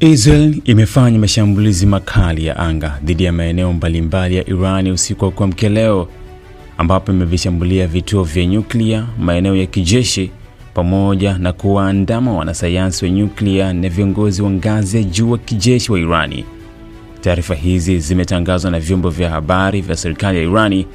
Israel imefanya mashambulizi makali ya anga dhidi ya maeneo mbalimbali ya Iran usiku wa kuamkia leo, ambapo imevishambulia vituo vya nyuklia, maeneo ya kijeshi, pamoja na kuwaandama wanasayansi wa nyuklia na viongozi wa ngazi ya juu wa kijeshi wa Irani. Taarifa hizi zimetangazwa na vyombo vya habari vya serikali ya Irani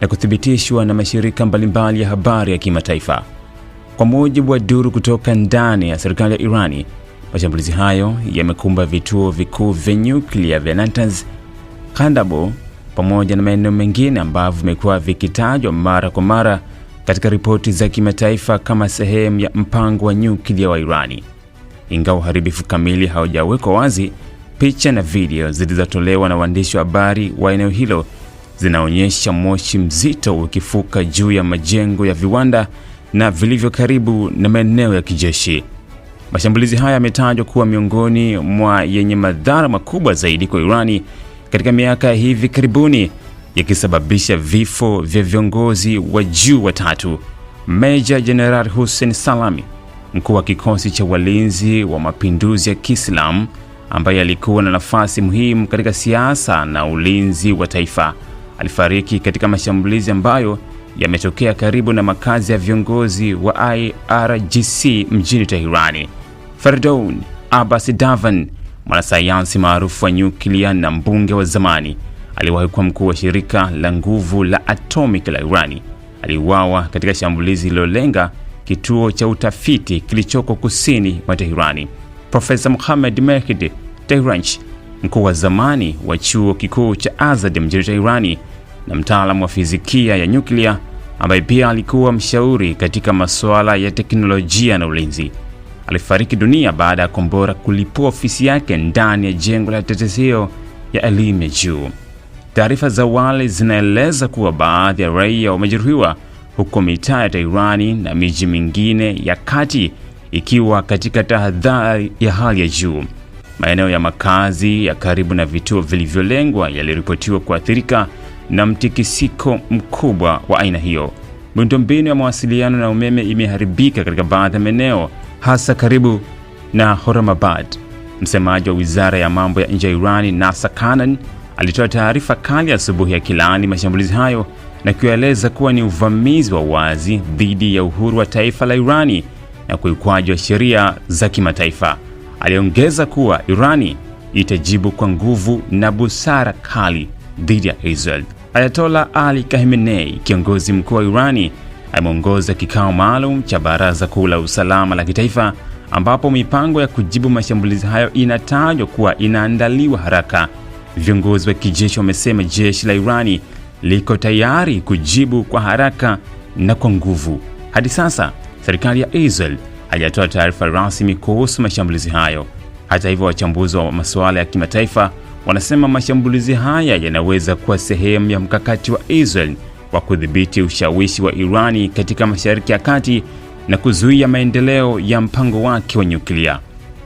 na kuthibitishwa na mashirika mbalimbali ya habari ya kimataifa. Kwa mujibu wa duru kutoka ndani ya serikali ya Irani, Mashambulizi hayo yamekumba vituo vikuu vya nyuklia vya Kandabo pamoja na maeneo mengine ambavyo vimekuwa vikitajwa mara kwa mara katika ripoti za kimataifa kama sehemu ya mpango wa nyuklia wa Irani. Ingawa uharibifu kamili haujawekwa wazi, picha na video zilizotolewa na waandishi wa habari wa eneo hilo zinaonyesha moshi mzito ukifuka juu ya majengo ya viwanda na vilivyo karibu na maeneo ya kijeshi. Mashambulizi haya yametajwa kuwa miongoni mwa yenye madhara makubwa zaidi kwa Irani katika miaka hivi karibuni, yakisababisha vifo vya viongozi wa juu watatu: Meja jeneral Hussein Salami, mkuu wa kikosi cha walinzi wa mapinduzi ya Kiislamu ambaye alikuwa na nafasi muhimu katika siasa na ulinzi wa taifa, alifariki katika mashambulizi ambayo yametokea karibu na makazi ya viongozi wa IRGC mjini Teherani. Ferdoun Abbas Davan, mwanasayansi maarufu wa nyuklia na mbunge wa zamani, aliwahi kuwa mkuu wa shirika la nguvu la atomic la Irani, aliuawa katika shambulizi lililolenga kituo cha utafiti kilichoko kusini mwa Teherani. Profesa Mohammad Mehdi tehranch mkuu wa zamani wa chuo kikuu cha Azad mjini Teherani, na mtaalamu wa fizikia ya nyuklia ambaye pia alikuwa mshauri katika masuala ya teknolojia na ulinzi. Alifariki dunia baada ya kombora kulipua ofisi yake ndani ya jengo la teteseo ya elimu ya juu. Taarifa za wale zinaeleza kuwa baadhi ya raia wamejeruhiwa huko mitaa ya Tairani na miji mingine ya kati ikiwa katika tahadhari ya hali ya juu. Maeneo ya makazi ya karibu na vituo vilivyolengwa yaliripotiwa kuathirika na mtikisiko mkubwa wa aina hiyo. Miundombinu ya mawasiliano na umeme imeharibika katika baadhi ya maeneo, hasa karibu na Horamabad. Msemaji wa wizara ya mambo ya nje ya Irani, Nasa Kanan, alitoa taarifa kali asubuhi ya kilaani mashambulizi hayo na kueleza kuwa ni uvamizi wa wazi dhidi ya uhuru wa taifa la Irani na ukiukwaji wa sheria za kimataifa. Aliongeza kuwa Irani itajibu kwa nguvu na busara kali dhidi ya Israel. Ayatola Ali Khamenei, kiongozi mkuu wa Irani, ameongoza kikao maalum cha Baraza Kuu la Usalama la Kitaifa ambapo mipango ya kujibu mashambulizi hayo inatajwa kuwa inaandaliwa haraka. Viongozi wa kijeshi wamesema jeshi la Irani liko tayari kujibu kwa haraka na kwa nguvu. Hadi sasa, serikali ya Israel haijatoa taarifa rasmi kuhusu mashambulizi hayo. Hata hivyo, wachambuzi wa masuala ya kimataifa wanasema mashambulizi haya yanaweza kuwa sehemu ya mkakati wa Israel wa kudhibiti ushawishi wa Irani katika Mashariki ya Kati na kuzuia maendeleo ya mpango wake wa nyuklia.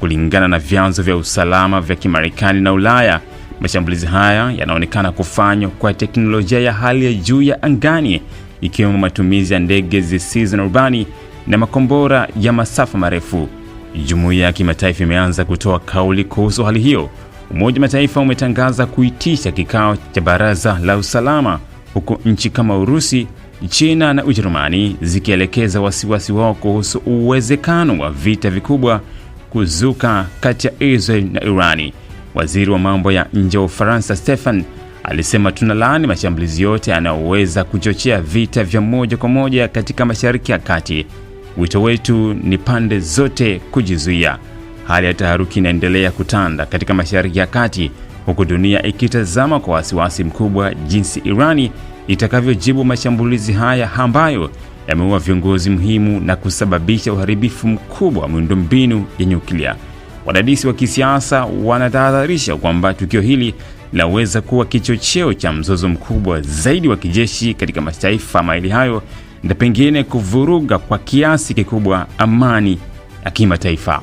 Kulingana na vyanzo vya usalama vya Kimarekani na Ulaya, mashambulizi haya yanaonekana kufanywa kwa teknolojia ya hali ya juu ya angani, ikiwemo matumizi ya ndege zisizo na rubani na makombora ya masafa marefu. Jumuiya ya kimataifa imeanza kutoa kauli kuhusu hali hiyo, Umoja Mataifa umetangaza kuitisha kikao cha baraza la usalama huku nchi kama Urusi, China na Ujerumani zikielekeza wasiwasi wao kuhusu uwezekano wa vita vikubwa kuzuka kati ya Israel na Irani. Waziri wa mambo ya nje wa Ufaransa Stefan alisema, tunalaani mashambulizi yote yanayoweza kuchochea vita vya moja kwa moja katika Mashariki ya Kati. Wito wetu ni pande zote kujizuia. Hali ya taharuki inaendelea kutanda katika Mashariki ya Kati huku dunia ikitazama kwa wasiwasi mkubwa jinsi Irani itakavyojibu mashambulizi haya ambayo yameua viongozi muhimu na kusababisha uharibifu mkubwa wa miundombinu ya nyuklia. Wadadisi wa kisiasa wanatahadharisha kwamba tukio hili linaweza kuwa kichocheo cha mzozo mkubwa zaidi wa kijeshi katika mataifa maili hayo na pengine kuvuruga kwa kiasi kikubwa amani ya kimataifa.